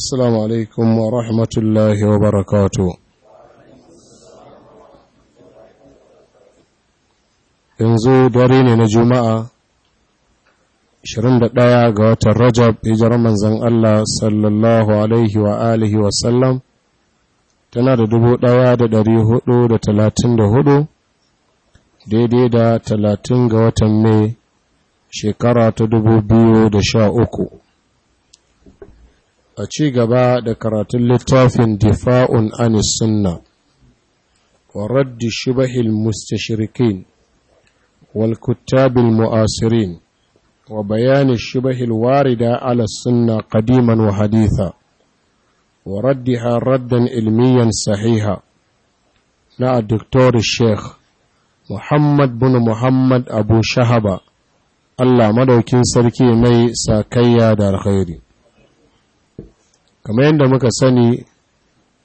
السلام عليكم ورحمة الله وبركاته yanzu dare ne na juma'a 21 ga watan rajab hijirar manzan Allah sallallahu alaihi wa alihi wasallam tana da 1434 daidai da 30 ga watan mai shekara ta 2013 a ci gaba da karatun littafin difa'un an sunna wa raddi shubahil mustashrikin wal kuttabil mu'asirin wa bayani shubahil warida ala sunna qadiman wa haditha wa raddiha raddan ilmiyan sahiha na doktor sheikh muhammad bin muhammad abu shahaba Allah madaukin sarki mai sakayya da alkhairi kamar yadda muka sani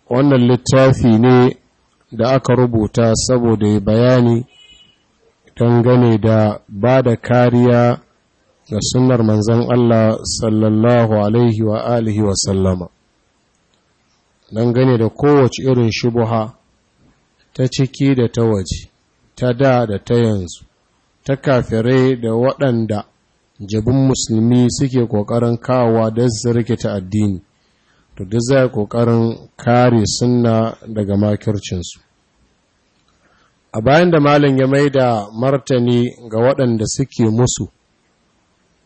wannan littafi ne da aka rubuta saboda ya bayani dangane da ba da kariya ga sunar manzon Allah sallallahu alaihi wa alihi wa sallama dangane da kowace irin shubuha ta ciki da ta waje ta da da ta yanzu ta kafirai da waɗanda jabin musulmi suke ƙoƙarin kawo don su ta addini to duk zai kokarin kare sunna daga makircinsu a bayan da malin ya mai da martani ga waɗanda suke musu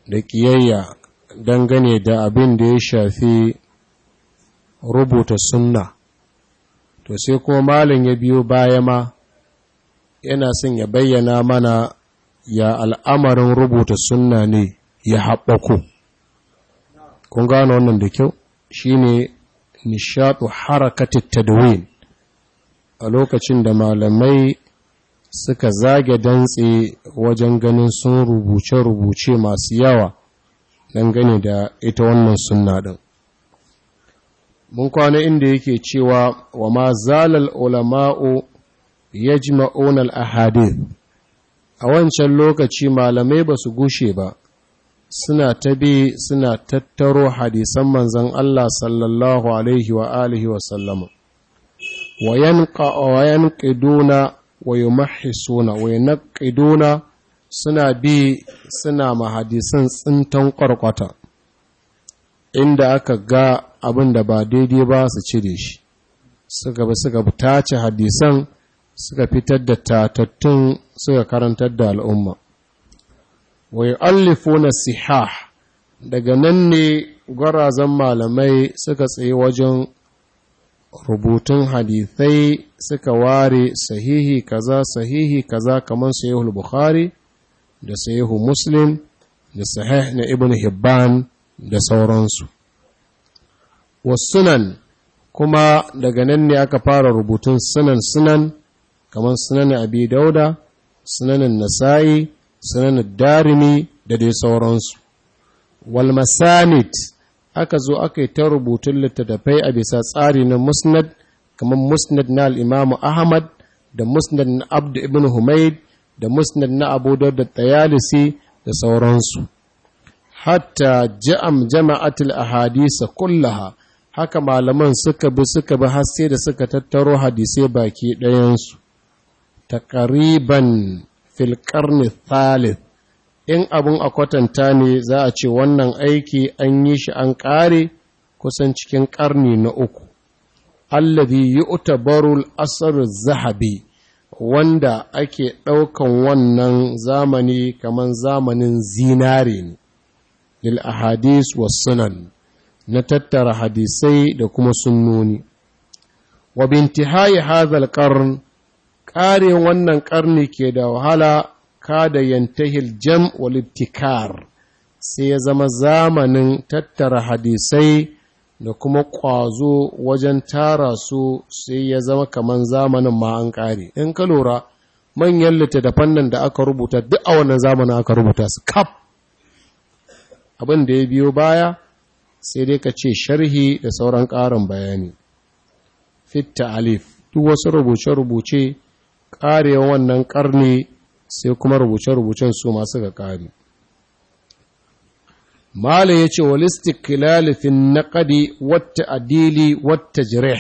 da ƙiyayya dangane da abin da ya shafi rubuta sunna to sai kuma malin ya biyo baya ma yana son ya bayyana mana ya al'amarin rubuta sunna ne ya haɓɓa ku kun gano wannan da kyau shine nishadu harakatit tadwin a lokacin da malamai suka zage dantse wajen ganin sun rubuce-rubuce masu yawa dangane da ita wannan sunna din mun kwana inda yake cewa wa ma zalal ulama'u yajma'una al-ahadith a wancan lokaci malamai ba su gushe ba suna ta bi suna tattaro hadisan manzan Allah sallallahu alaihi wa alihi wa sallama wa yanqiduna wa yumahisuna wa suna bi suna mahadisan tsintan ƙwarƙwata inda aka ga abin da ba daidai ba su cire shi suka bi suka tace hadisan suka fitar da tatattun suka karantar da al'umma wa yu'allifuna sihah daga nan ne gwarazan malamai suka tsaye wajen rubutun hadithai suka ware sahihi kaza sahihi kaza kamar sahihul bukhari da sahihu muslim da sahih na ibn hibban da sauransu wasunan kuma daga nan ne aka fara rubutun sunan sunan kamar sunan abi dauda sunanin nasa'i sunan darimi da dai sauransu wal masanid aka zo aka yi ta rubutun littattafai a bisa tsari na musnad kamar musnad na al'imamu ahmad da musnad na abd ibn humaid da musnad na abu da tayalisi da sauransu hatta ja'am jama'atul ahadisa kullaha haka malaman suka bi suka bi har sai da suka tattaro hadisai baki ɗayansu takariban fil karni thalith in abin a kwatanta ne za a ce wannan aiki an yi shi an ƙare kusan cikin ƙarni na uku yi uta barul asr zahabi wanda ake ɗaukan wannan zamani kaman zamanin zinare ne lil ahadis wa sunan na tattara hadisai da kuma sunnoni wa bintihai hadha al-qarn ƙare wannan ƙarni ke da wahala kada yantahil jam walittikar sai ya zama zamanin tattara hadisai da kuma ƙwazo wajen tara su sai ya zama kaman zamanin ma an ƙare in ka lura manyan littattafan nan da aka rubuta duk a wannan zamanin aka rubuta su kaf abin da ya biyo baya sai dai ka ce sharhi da sauran ƙarin bayani fitta alif duk wasu rubuce-rubuce ƙarewa wannan karni sai kuma rubuce-rubucen su masu ga ƙari mala ya ce kilalifin na naƙadi wata adili wata jire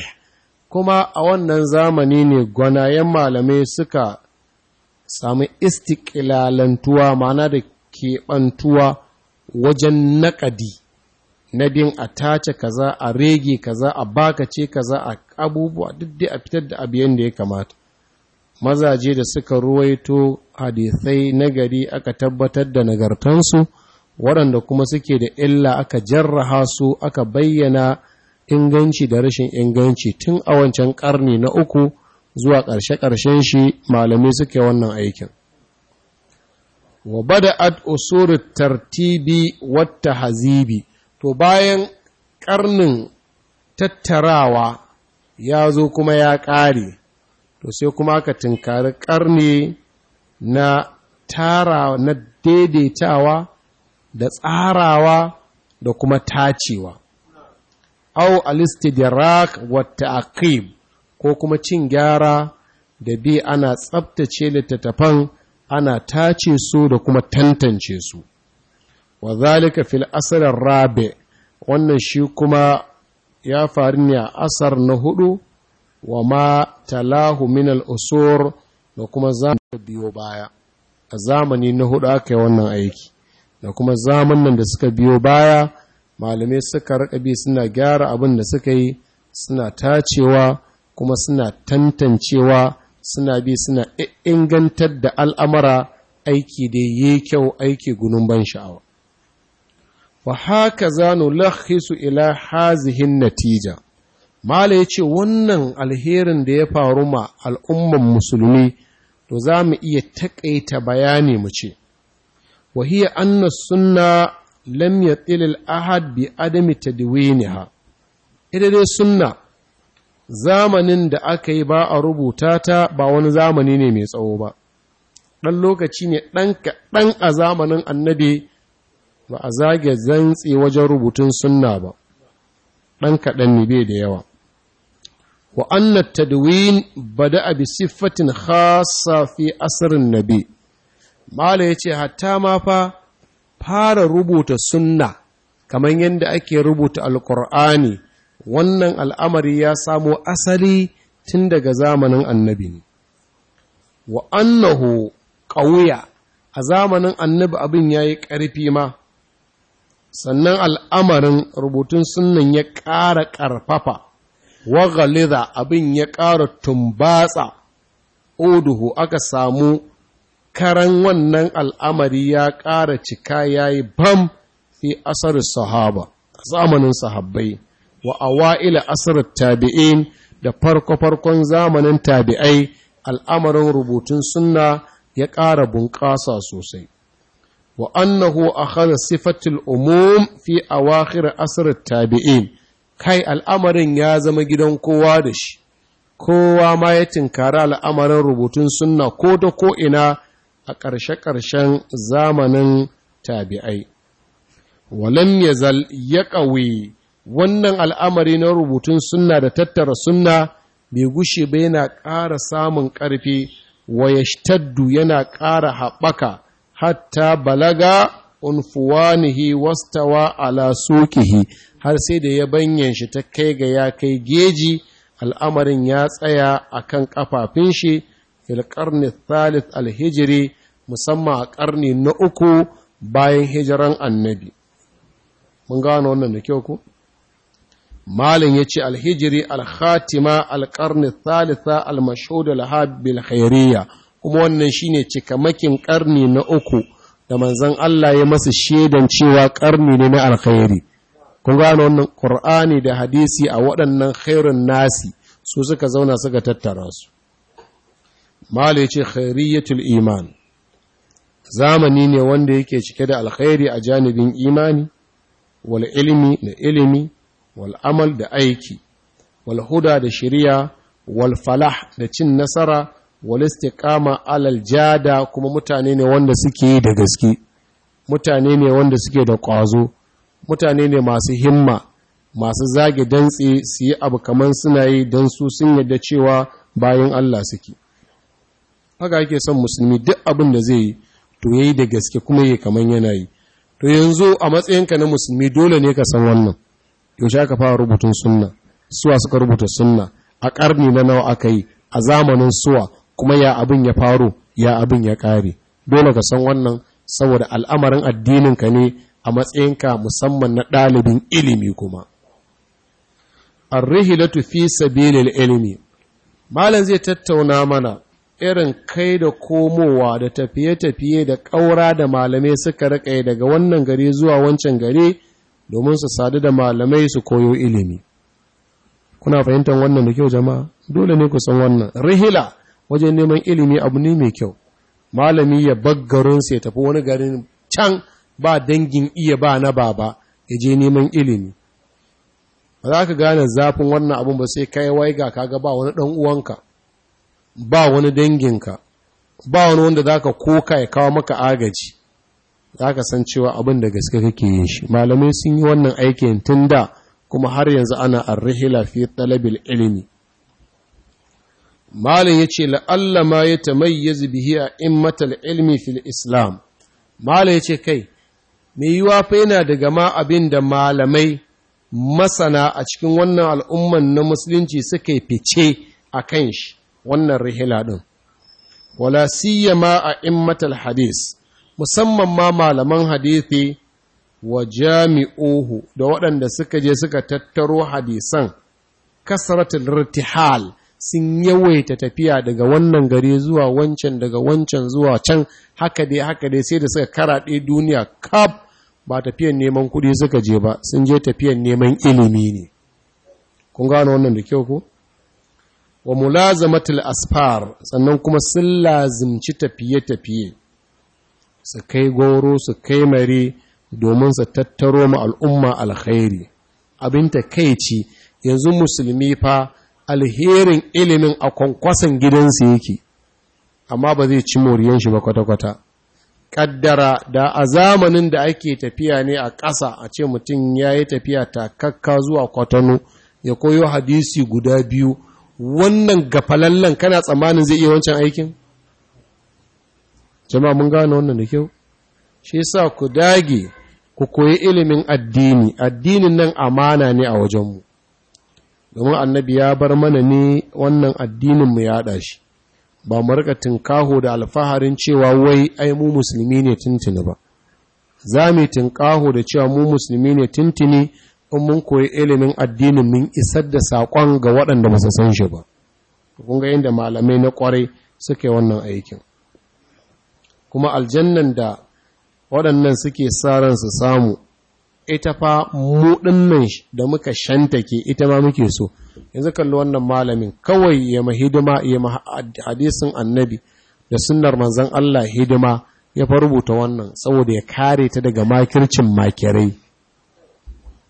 kuma a wannan zamani ne gwanayen malamai suka sami istikilalantuwa mana da keɓantuwa wajen naƙadi na bin a tace kaza a rege kaza a baka ce kaza a abubuwa duk dai a fitar da abu da ya kamata mazaje da suka ruwaito hadisai nagari aka tabbatar da nagartansu waɗanda kuma suke da illa aka jarraha su aka bayyana inganci da rashin inganci tun a wancan ƙarni na uku zuwa ƙarshe-ƙarshen shi malamai suke wannan aikin wa ad usur tartibi wata hazibi to bayan ƙarnin tattarawa ya zo kuma ya ƙare to sai kuma aka tunkari ƙarni na tara na daidaitawa da tsarawa da kuma tacewa au alistidirak wata akib ko kuma cin gyara da bi ana tsabtace littattafan ana tace su da kuma tantance su wa zalika fil asr rabi wannan shi kuma ya faru ne a asar na hudu wa ma talahu min al'usur da kuma zamani biyo baya a zamani na hudu aka yi wannan aiki da kuma zamanin da suka biyo baya malamai suka rakabi suna gyara abin da suka yi suna tacewa kuma suna tantancewa suna bi suna ingantar da al'amara aiki da yi kyau aiki gunun ban sha'awa. Wa haka za nu lakhisu ila hazihin natija, mala ya ce wannan alherin da ya faru ma al'umman musulmi to za mu iya taƙaita bayani mu ce wahiyar anna sunna suna tsilil ahad bi adami ha, ita dai suna zamanin da aka yi ba a rubuta ta ba wani zamani ne mai tsawo ba ɗan lokaci ne ɗan a zamanin annabi ba a zage zantse wajen rubutun suna ba ɗan kaɗan ne bai da yawa wa anna tadwin bada'a bi siffatin khassa fi asrin ya ce yace hatta ma fa fara rubuta sunna kamar yadda ake rubuta alqur'ani wannan al'amari ya samo asali tun daga zamanin annabi ne wa ƙauya a zamanin annabi abin ya yi ƙarfi ma sannan al'amarin rubutun sunan ya ƙara ƙarfafa wa ghaliza abin ya ƙara tumbatsa uduhu aka samu karan wannan al'amari ya ƙara cika ya yi bam fi asarar sahaba zamanin sahabbai wa awa'ila asarar tabi'in da farko-farkon zamanin tabi'ai al'amarin rubutun suna ya ƙara bunƙasa sosai wa annahu akhadha sifatul umum fi awakhir asr asarar tabiin kai al'amarin ya zama gidan kowa da shi kowa ma ya tinkari al'amarin rubutun suna ko da ko'ina a ƙarshe-ƙarshen zamanin tabi'ai walam ya zal ya ƙawe wannan al'amari na rubutun suna da tattara suna, bai gushe ba yana ƙara samun ƙarfi wa ya yana ƙara haɓaka hatta balaga unfuwanihi wastawa ala sokihi har sai da ya banyan shi ta kai ga ya kai geji al'amarin ya tsaya a kan ƙafafin shi ilƙarni thalith alhijiri musamman a ƙarni na uku bayan hijiran annabi mun gano wannan da kyau ku malin ya ce alhijiri alhatima alƙarni thalitha almashudu alhabil khairiyya kuma wannan shi ne cikamakin ƙarni na uku da manzon Allah ya masu shaidan cewa ƙarni ne na alkhairi kun gano wannan ƙur'ani da hadisi a waɗannan khairun nasi su suka zauna suka tattara su mala ce khairiyatul iman zamani ne wanda yake cike da alkhairi a janibin imani wal ilimi da ilimi wal amal da aiki wal huda da shiriya wal falah da cin nasara wal istiqama alal jada kuma mutane ne wanda suke da gaske mutane ne wanda suke da ƙwazo mutane ne masu himma masu zage dantse su yi abu kamar suna yi don su sun yadda cewa bayan Allah suke haka ake son musulmi duk abin da zai yi to ya yi da gaske kuma ya kamar yana yi to yanzu a matsayinka na musulmi dole ne ka san wannan yaushe aka fara rubutun sunna suwa suka rubuta sunna a ƙarni na nawa aka yi a zamanin suwa kuma ya abin ya faru ya abin ya ƙare dole ka san wannan saboda al'amarin addinin ka ne a matsayinka musamman na ɗalibin ilimi kuma da tufi sabilil ilimi malam zai tattauna mana irin kai da komowa da tafiye-tafiye da ƙaura da malamai suka riƙa daga wannan gari zuwa wancan gari domin su sadu da malamai su koyo ilimi kuna fahimtar wannan da kyau jama'a dole ne ku san wannan rihila wajen neman ilimi abu ne mai kyau malami ya baggarin sai tafi wani garin can ba dangin iya ba na baba ya je neman ilimi ba za ka gane zafin wannan abin ba sai kai wai ga kaga ba wani dan uwanka ba wani danginka ba wani wanda za ka koka ya kawo maka agaji za ka san cewa abin da gaske kake yin shi malamai sun yi wannan aikin tun da kuma har yanzu ana arrihila fi talabil ilimi malin ya ce la'alla ma ya tamayyazu bihi a immatal ilmi fil islam malin ya ce kai mai yiwa fa yana daga ma abin da malamai masana a cikin wannan al'umman na musulunci suka fice a kan shi wannan rihila ɗin. Wala ma a immatal hadis, musamman ma malaman hadithi wa jami'ohu da waɗanda suka je suka tattaro hadisan, kasratul ritihal sun yawaita tafiya daga wannan gari zuwa wancan daga wancan zuwa can haka dai haka dai sai da suka karaɗe duniya kab ba tafiyan neman kuɗi suka je ba sun je tafiyan neman ilimi ne kun gano wannan da kyau ko wa mulazamatul asfar sannan kuma sun lazimci tafiye-tafiye su kai goro su kai mare domin su tattaro ma al'umma alkhairi abin ta ci yanzu musulmi fa alherin ilimin a kwankwason gidansu yake amma ba zai ci moriyan shi ba kwata-kwata kaddara da a zamanin da ake tafiya ne a ƙasa a ce mutum ya yi tafiya takakka zuwa kwatano ya koyo hadisi guda biyu wannan gafalallen kana tsammanin zai iya wancan aikin? jama'a mun gane wannan da kyau shi sa ku dage ku koyi ilimin addini addinin nan amana ne a wajenmu domin annabi ya bar mana ne wannan addinin mu yaɗa shi ba mu rika tinkaho da alfaharin cewa wai ai mu musulmi ne tuntuni ba za mu tinkaho da cewa mu musulmi ne tuntuni in mun koyi ilimin addinin mun isar da saƙon ga waɗanda ba su san shi ba kun ga inda malamai na kwarai suke wannan aikin kuma aljannan da waɗannan suke sa ran su samu ita fa mu dinnan da muka shantake ita ma muke so yanzu kalli wannan malamin kawai ya hidima ya hadisin annabi da sunnar manzon Allah hidima ya fa rubuta wannan saboda ya kare ta daga makircin makirai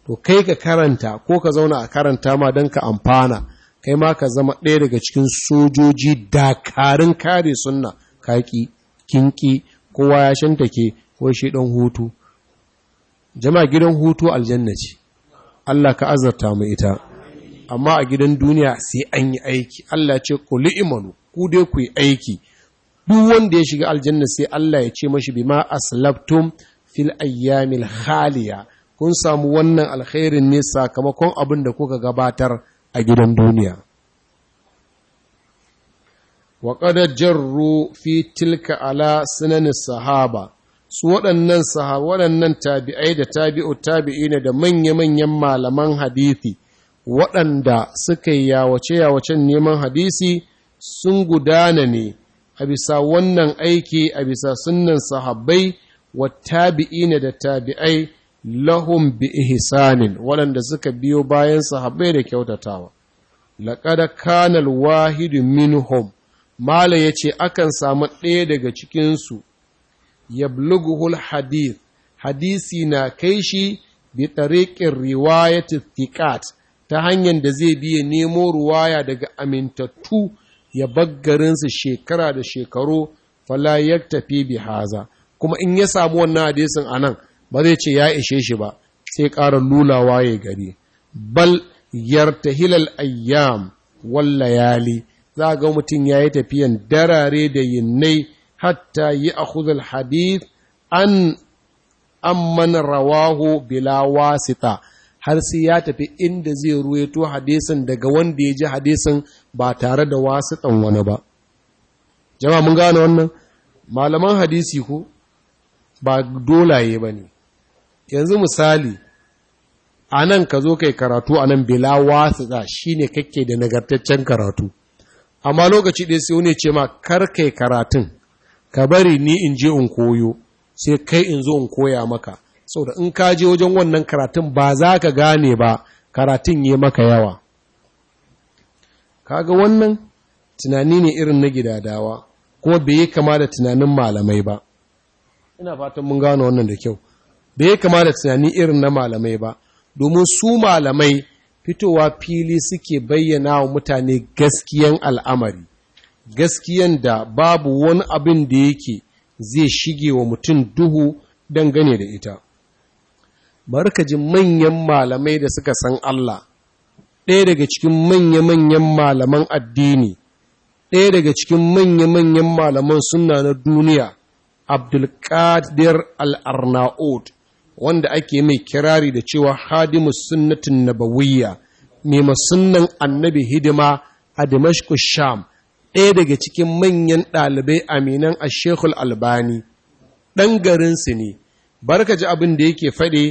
to kai ka karanta ko ka zauna a karanta ma don ka amfana kai ma ka zama ɗaya daga cikin sojoji dakarun kare sunna kaki kinki kowa ya shantake ko shi ɗan hutu jama'a gidan hutu aljanna ce Allah ka azarta mu ita amma a gidan duniya sai an yi aiki Allah ce ku imanu ku dai ku yi aiki duk wanda ya shiga aljanna sai Allah ya ce mashi bima aslabtum fil ayyamil khaliya kun samu wannan alkhairin ne sakamakon abin da kuka gabatar a gidan duniya wa qad jarru fi tilka ala sunan sahaba su waɗannan sahaba waɗannan tabi'ai da tabi'u tabi'ina da manya-manyan malaman hadithi waɗanda suka yi yawace-yawacen neman hadisi sun gudana ne a bisa wannan aiki a bisa sunan sahabbai wa tabi'ina da tabi'ai lahum bi ihsanin waɗanda suka biyo bayan sahabbai da kyautatawa laqad kanal wahidu wahid minhum mala yace akan samu ɗaya daga cikinsu yablughu hadith hadisi na kai shi bi tariqin riwayati thiqat ta hanyar da zai biya nemo ruwaya daga amintattu ya bar garinsu shekara da shekaru fala yaktafi bi kuma in ya samu wannan hadisin anan ba zai ce ya ishe shi ba sai ƙara lulawa ya gari bal yartahilal ayyam wal layali za ga mutum yayi tafiyan darare da yinnai hatta yi a hadith an amman rawahu bila wasita har sai ya tafi inda zai ruweto hadisin daga wanda ya ji hadisin ba tare da wasitan wani ba Jama mun gane wannan malaman hadisi ko ba dolaye ba ne yanzu misali a nan ka zo kai karatu a nan bila wasita shine kake da nagartaccen karatu amma lokaci ɗaya sai wani ce ma kar kai karatun ka bari ni in je in koyo sai kai in zo in koya maka saboda in ka je wajen wannan karatun ba za ka gane ba karatun yi maka yawa kaga wannan tunani ne irin na gidadawa kuma bai yi kama da tunanin malamai ba ina fatan mun gano wannan da kyau bai yi kama da tunani irin na malamai ba domin su malamai fitowa fili suke bayyana wa mutane gaskiyan al'amari gaskiyan da babu wani abin da yake zai shige wa mutum duhu dangane da ita barkaji manyan malamai da suka san Allah ɗaya daga cikin manya-manyan malaman addini ɗaya daga cikin manya-manyan malaman suna na duniya abdulkadir al'arnaud wanda ake mai kirari da cewa hadimus sunnatin nabawiyya mai masunnan annabi hidima a dimashku sham ɗaya daga cikin manyan ɗalibai aminan a shekul albani ɗan garinsu ne barka ji abin da yake faɗe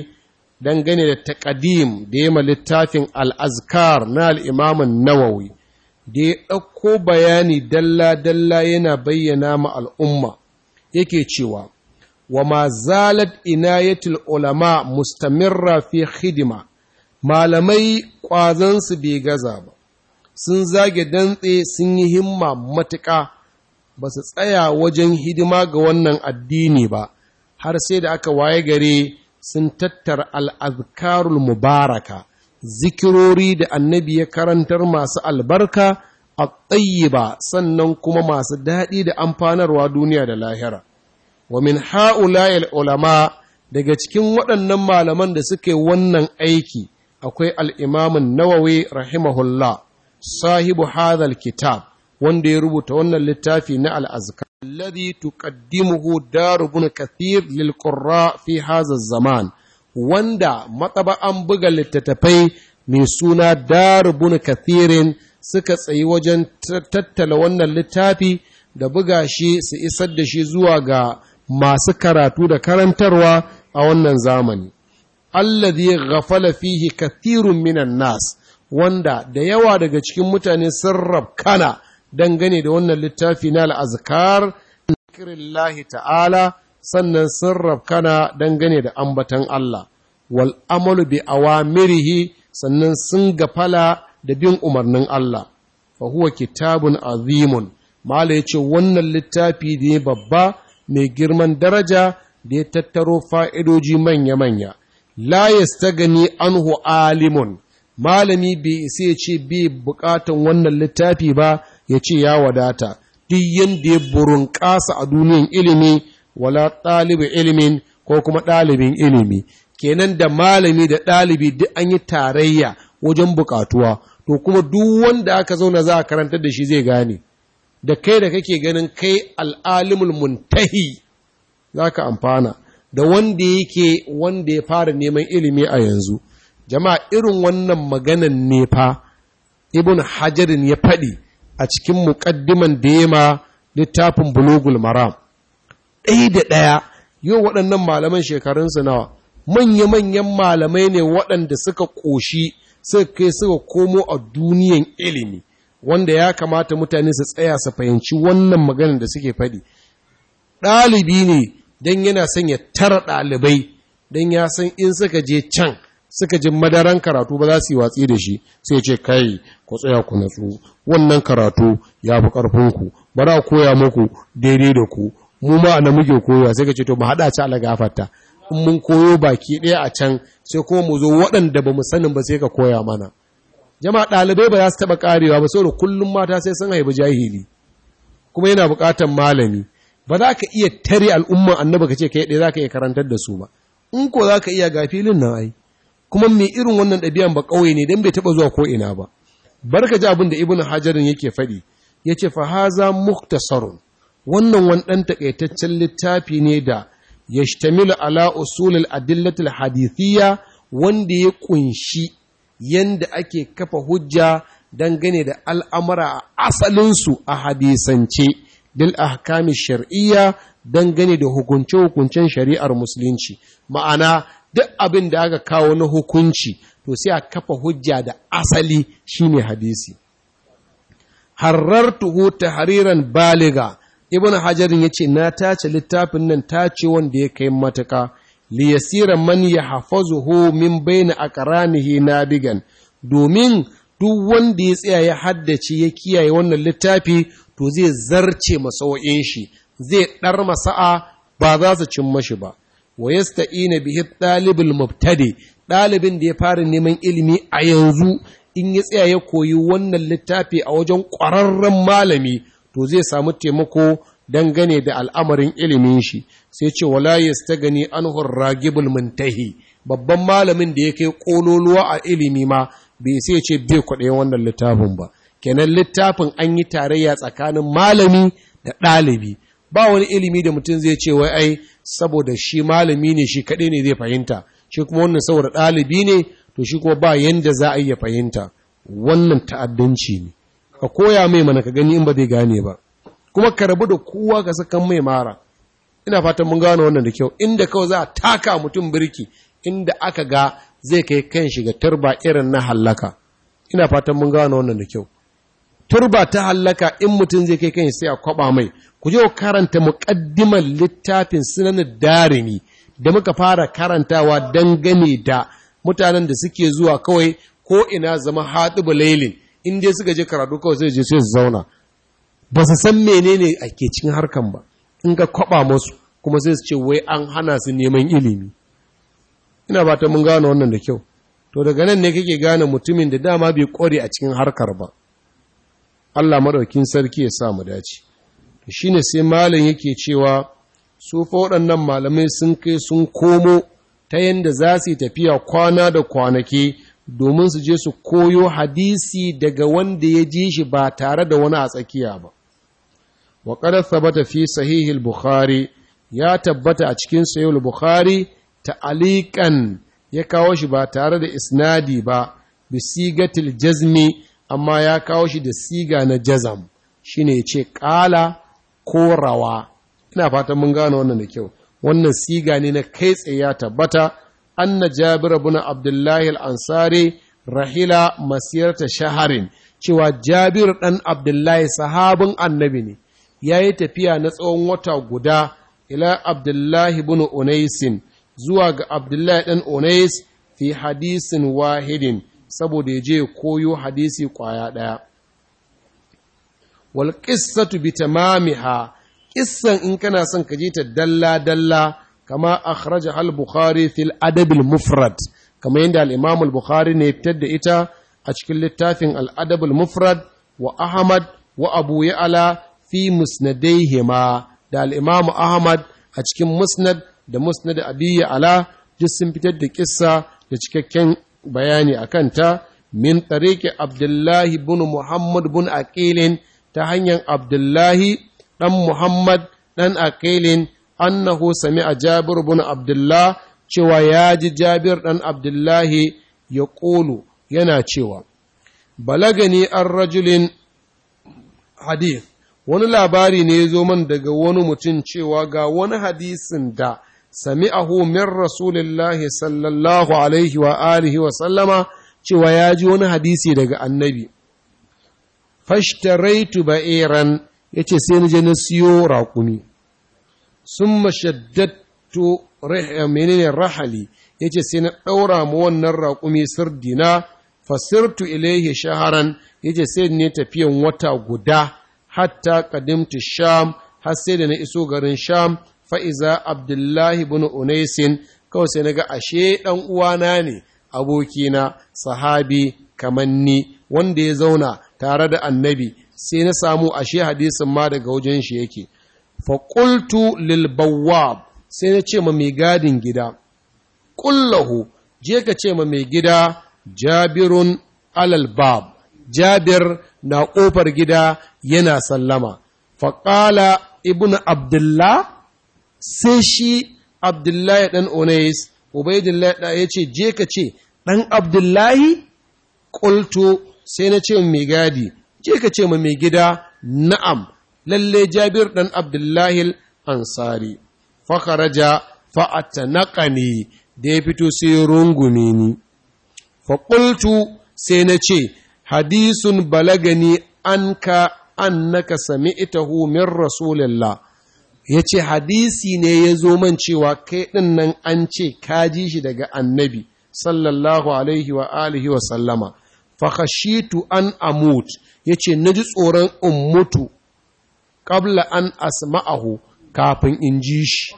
dangane da taƙadim da ya ma littafin al'azkar na al'imamin nawawi da ya ɗauko bayani dalla-dalla yana bayyana ma al'umma yake cewa wa ma zalat inayatul ulama mustamirra fi hidima malamai ƙwazansu bai gaza ba sun zage dantse sun yi himma matuƙa ba su tsaya wajen hidima ga wannan addini ba har sai da aka waye gare sun tattara al'azkarul mubaraka zikirori da annabi ya karantar masu albarka a ba sannan kuma masu daɗi da amfanarwa duniya da lahira wa min ha'ulayil ulama daga cikin waɗannan malaman da suke wannan aiki akwai al'imamin nawawi rahimahullah sahibu hadhal kitab wanda ya rubuta wannan littafi na al'azka alladhi tuqaddimuhu daru ibn kathir lil qurra fi hadha zaman wanda an buga littattafai mai suna daru ibn kathirin suka tsayi wajen tattala wannan littafi da buga shi su isar da shi zuwa ga masu karatu da karantarwa a wannan zamani alladhi ghafala fihi kathirun minan nas wanda da yawa daga cikin mutane sun rabkana dangane da wannan littafi na al'azkar zikirillahi ta'ala sannan sun rabkana dangane da ambatan Allah wal amalu bi awamirihi sannan sun gafala da bin umarnin Allah fa huwa kitabun azimun mala ya ce wannan littafi ne babba mai girman daraja da ya tattaro fa'idoji manya-manya la yastagani anhu alimun malami bai isa ya ce bai bukatan wannan littafi ba ya ce ya wadata duk yadda ya burin kasa a duniyan ilimi wala ɗalibin ilimi ko kuma ɗalibin ilimi kenan da malami da ɗalibi duk an yi tarayya wajen bukatuwa to kuma duk wanda aka zauna za a karantar da shi zai gane da kai da kake ganin kai al'alimul muntahi za ka amfana da wanda yake wanda ya fara neman ilimi a yanzu jama'a irin wannan maganan ne fa ibn hajarin ya faɗi a cikin muƙaddiman da ya ma littafin bulugul maram ɗaya da ɗaya yau waɗannan malaman shekarunsu nawa manya-manyan malamai ne waɗanda suka ƙoshi suka kai suka komo a duniyan ilimi wanda ya kamata mutane su tsaya su fahimci wannan maganan da suke faɗi ɗalibi ne don yana son ya tara ɗalibai don ya san in suka je can suka ji madaran karatu ba za su yi watsi da shi sai ce kai ku tsaya ku natsu wannan karatu ya fi ƙarfinku ba za koya muku daidai da ku mu ma na muke koya sai ka ce to mu hada ci ala in mun koyo baki daya a can sai kuma mu zo waɗanda ba mu sanin ba sai ka koya mana jama'a ɗalibai ba za su taɓa karewa ba saboda kullum mata sai sun haifi jahili kuma yana buƙatar malami ba za ka iya tare al'umma annabi ka ce kai ɗaya za ka iya karantar da su ba in ko za ka iya ga filin nan ai kuma mai irin wannan ɗabi'an ba ƙauye ne don bai taɓa zuwa ko ina ba barka ji abin da ibnu hajarin yake faɗi ya ce fa muktasarun wannan wani ɗan taƙaitaccen littafi ne da ya shtamilu ala usulul adillatul hadithiyya wanda ya ƙunshi yanda ake kafa hujja dangane da al'amura a asalinsu a hadisance dil ahkami shar'iyya dangane da hukunce-hukuncen shari'ar musulunci ma'ana duk abin da aka kawo na hukunci to sai a kafa hujja da asali shine hadisi harartuhu tahriran baliga ibnu hajarin yace na tace littafin nan tace wanda ya kai matuka li yasira man yahfazuhu min baina aqranihi nadigan domin duk wanda ya tsaya ya haddace ya kiyaye wannan littafi to zai zarce masau'in shi zai dar masa'a ba za su cin mashi ba wa ina bihi talibul mubtadi ɗalibin da ya fara neman ilimi a yanzu in ya tsaya ya koyi wannan littafi a wajen ƙwararren malami to zai samu taimako dangane da al'amarin ilimin shi sai ce wala gani an ragibul muntahi babban malamin da ya kai ƙololuwa a ilimi ma bai sai ce bai kwaɗayin wannan littafin ba kenan littafin an yi tarayya tsakanin malami da ɗalibi ba wani ilimi da mutum zai ce wai ai saboda shi malami ne shi kaɗai ne zai fahimta shi kuma wannan saboda ɗalibi ne to shi kuma ba yanda za a iya fahimta wannan ta'addanci ne ka koya mai mana ka gani in ba zai gane ba kuma ka rabu da kowa ka saka mai mara ina fatan mun gane wannan da kyau inda kawai za a taka mutum birki inda aka ga zai kai kan shiga turba irin na hallaka ina fatan mun gane wannan da kyau turba ta hallaka in mutum zai kai kan sai a kwaba mai ku je karanta muƙaddimar littafin sunanin darimi da muka fara karantawa dangane da mutanen da suke zuwa kawai ko ina zama ba lailin inda su suka je karatu kawai sai je su zauna ba su san menene ake cikin harkan ba in ga kwaba musu kuma sai su ce wai an hana su neman ilimi ina ba ta mun gano wannan da kyau to daga nan ne kake gane mutumin da dama bai kore a cikin harkar ba Allah madaukin sarki ya sa mu dace shi ne sai malin yake cewa su waɗannan malamai sun kai sun komo ta yadda za su yi tafiya kwana da kwanaki domin su je su koyo hadisi daga wanda ya ji shi ba tare da wani a tsakiya ba wa qad thabata fi sahihil bukhari ya tabbata a cikin sahih bukhari alikan ya kawo shi ba tare da isnadi ba bi sigatil jazmi amma ya kawo shi da siga na jazam shine ya ce ƙala. Korawa, ina fata mun gane wannan da kyau wannan siga ne na kai tsaye ya tabbata anna jabir ibn abdullahi al-ansari rahila masirata shaharin cewa jabir dan abdullahi sahabin annabi ne yayi tafiya na tsawon wata guda ila abdullahi ibn unaisin zuwa ga abdullahi dan unais fi hadisin wahidin saboda ya je koyo hadisi kwaya ɗaya wal qissatu bi tamamiha qissan in kana son ka je ta dalla dalla kama akhraja al bukhari fil adab mufrad kama yanda al imam bukhari ne fitar da ita a cikin littafin al'adabul mufrad wa ahmad wa Abuya'ala ya'la fi musnadaihima da al ahmad a cikin musnad da musnad abi ya'la sun fitar da ƙisa da cikakken bayani akan ta min tariqi abdullahi bin muhammad bin aqilin ta hanyar Abdullahi ɗan Muhammad ɗan Akilin annahu sami a Jabir bin Abdullah cewa ya ji Jabir ɗan Abdullahi ya ƙulu yana cewa, Balagani an rajulin hadith, wani labari ne zo man daga wani mutum cewa ga wani hadisin da sami ahu min Rasulillahi sallallahu alaihi wa alihi wa sallama cewa ya ji wani hadisi daga annabi. fashtaraitu ba'iran yace sai na je na siyo raƙumi summa shaddadtu eh, menene rahali yace sai na ɗaura ma wannan raƙumi sirdina fasirtu ilaihi shaharan yace sai ne tafiyan wata guda hatta qadimtu sham har sai da na iso garin sham fa'iza abdullahi bin unaisin kawai sai naga ashe ɗan uwana ne abokina sahabi kamanni wanda ya zauna tare da annabi sai na samu ashe hadisin ma daga wajen shi yake faƙultu lilbawab sai na ce ma mai gadin gida ƙullahu je ka ce ma mai gida jabirun alalbab jabir na ƙofar gida yana sallama faƙala ibn abdullah sai shi abdullahi ɗan onais ubaidullahi ya ce je ka ce ɗan abdullahi ƙultu sai na ce mai gadi je ka ce ma mai gida na'am lalle jabir ɗan abdullahi ansari fakaraja ƙane da ya fito sai rungume ni faƙultu sai na ce hadisun balagani an ka/an sami ita sami'tahu min ya yace hadisi ne ya zo man cewa kai ɗin nan an ce ka ji shi daga annabi sallallahu alaihi wa alihi wa sallama fakashitu an amut ya ce na ji tsoron in mutu ƙabla an asma'ahu kafin in ji shi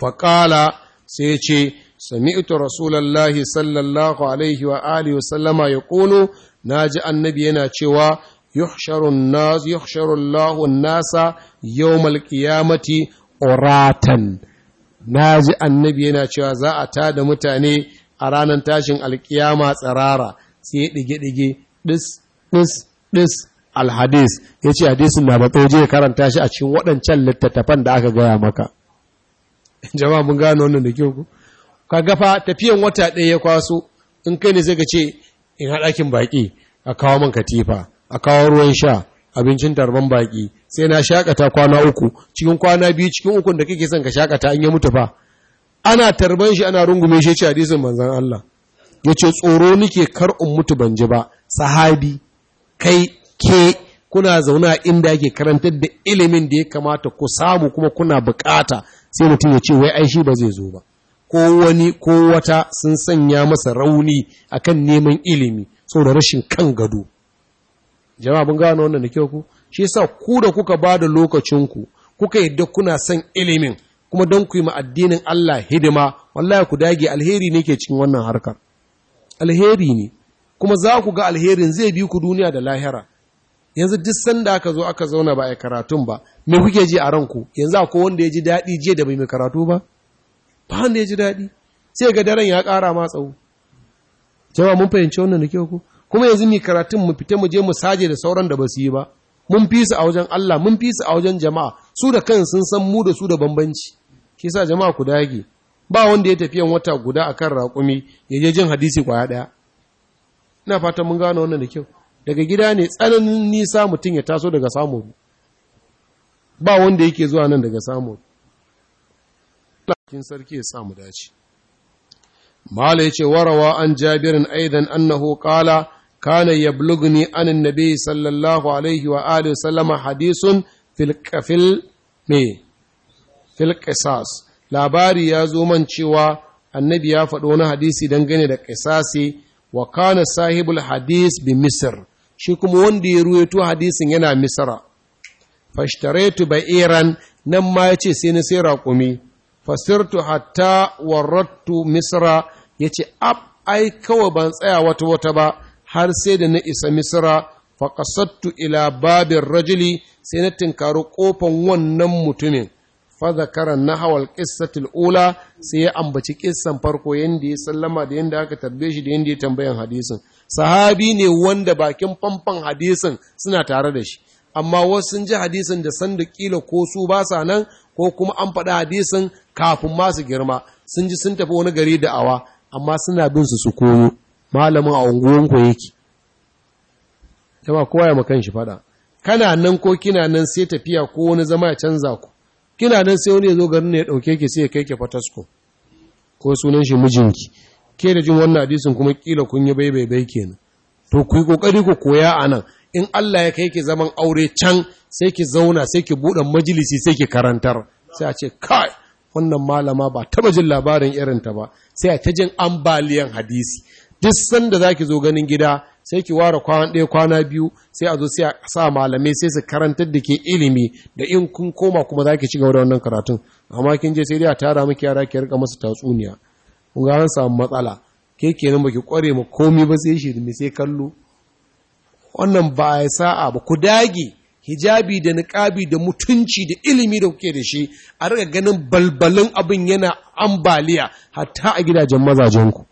faƙala sai ce sami'tu rasulallahi sallallahu alaihi wa alihi wasallama ya ƙono na ji annabi yana cewa yuhsharun nasa yau malƙiyamati oratan na ji annabi yana cewa za a tada mutane a ranar tashin alƙiyama tsirara sai ya ɗige-ɗige ɗis ɗis alhadis ya ce hadisin na batso je karanta shi a cikin waɗancan littattafan da aka gaya maka jama'a mun gano wannan da kyau ka gafa tafiyan wata ɗaya ya kwaso in kai ne sai ka ce in haɗakin baƙi a kawo man katifa a kawo ruwan sha abincin tarban baƙi sai na shakata kwana uku cikin kwana biyu cikin ukun da kake son ka shakata an yi mutu fa ana tarban shi ana rungume shi ce hadisin manzon Allah ya ce tsoro nike kar in mutu ban ji ba sahabi kai ke kuna zauna inda yake karantar da ilimin da ya kamata ku samu kuma kuna bukata sai mutum ya ce wai ai shi ba zai zo ba ko wani ko wata sun sanya masa rauni akan neman ilimi saboda rashin kan gado jama'a mun gano wannan da kyau ku shi yasa ku da kuka ba da lokacinku kuka yadda kuna son ilimin kuma don ku yi ma addinin Allah hidima wallahi ku dage alheri ne ke cikin wannan harkar alheri ne kuma za ku ga alherin zai bi ku duniya da lahira yanzu duk sanda aka zo aka zauna ba a karatun ba me kuke ji a ranku yanzu akwai wanda ya ji daɗi jiya da bai mai karatu ba ba wanda ya ji daɗi sai ga daren ya ƙara ma tsawo jama mun fahimci wannan da kyau ko kuma yanzu mai karatun mu fita mu je mu saje da sauran da ba su yi ba mun fi su a wajen Allah mun fi su a wajen jama'a su da kan sun san mu da su da bambanci ke sa jama'a ku dage ba wanda ya tafiyan wata guda a kan raƙumi ya je jin hadisi kwaya ɗaya ina fata mun gano wannan da kyau daga gida ne tsananin nisa mutum ya taso daga samu ba wanda yake zuwa nan daga samu lakin sarki ya samu dace mala yace warawa an jabirin aidan annahu kala. kana yablughni an annabi sallallahu alaihi wa alihi sallama hadisun fil me fil qisas labari ya zo man cewa annabi ya faɗo wani hadisi dangane da ƙisasi wa kana sahibul hadis bi misr shi kuma wanda ya ruwaito hadisin yana misra fashtaraitu iran nan ma ya ce sai na sai raƙumi fasirtu hatta warrattu misra ya ab ai kawai ban tsaya wata wata ba har sai da na isa misra faƙasattu ila babin rajili, sai na tinkari ƙofan wannan mutumin fadhakara nahawal qissatil ula sai ya ambaci kissan farko yanda ya sallama da yanda aka tarbe shi da yanda ya tambayan hadisin sahabi ne wanda bakin famfon hadisin suna tare da shi amma wasu sun ji hadisin da sanda kila ko su ba nan ko kuma an faɗi hadisin kafin masu girma sun ji sun tafi wani gari da awa amma suna bin su su koyo malamin a unguwanku yake jama kowa ya makan shi faɗa kana nan ko kina nan sai tafiya ko wani zama ya canza ku kina nan sai wani ya zo garin ne ya ɗauke ki sai ya kai ki fatasko ko sunan shi mijinki ke da jin wannan hadisin kuma kila kun yi bai kenan to ku yi kokari ku koya a nan in Allah ya kai ki zaman aure can sai ki zauna sai ki buɗe majalisi sai ki karantar sai a ce kai wannan malama ba taba jin labarin irinta ba sai a ta jin ambaliyan hadisi duk sanda zaki zo ganin gida sai ki ware kwana ɗaya kwana biyu sai a zo sai a sa malamai sai su karantar da ke ilimi da in kun koma kuma za ki ci gaba da wannan karatun amma kin je sai dai a tara miki yara ki rika masa tatsuniya kun ga an samu matsala ke kenan baki kware ma komai ba sai shi me sai kallo wannan ba ya sa'a ba ku dage hijabi da niƙabi da mutunci da ilimi da kuke da shi a rika ganin balbalin abin yana ambaliya hatta a gidajen mazajenku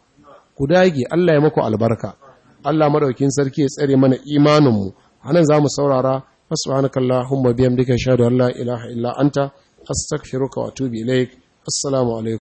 ku dage Allah ya maku albarka Allah madaukin sarki ya tsare mana imaninmu anan zamu saurara subhanakallahumma bihamdika shahadu an la ilaha illa anta astaghfiruka wa atubu ilaik assalamu alaikum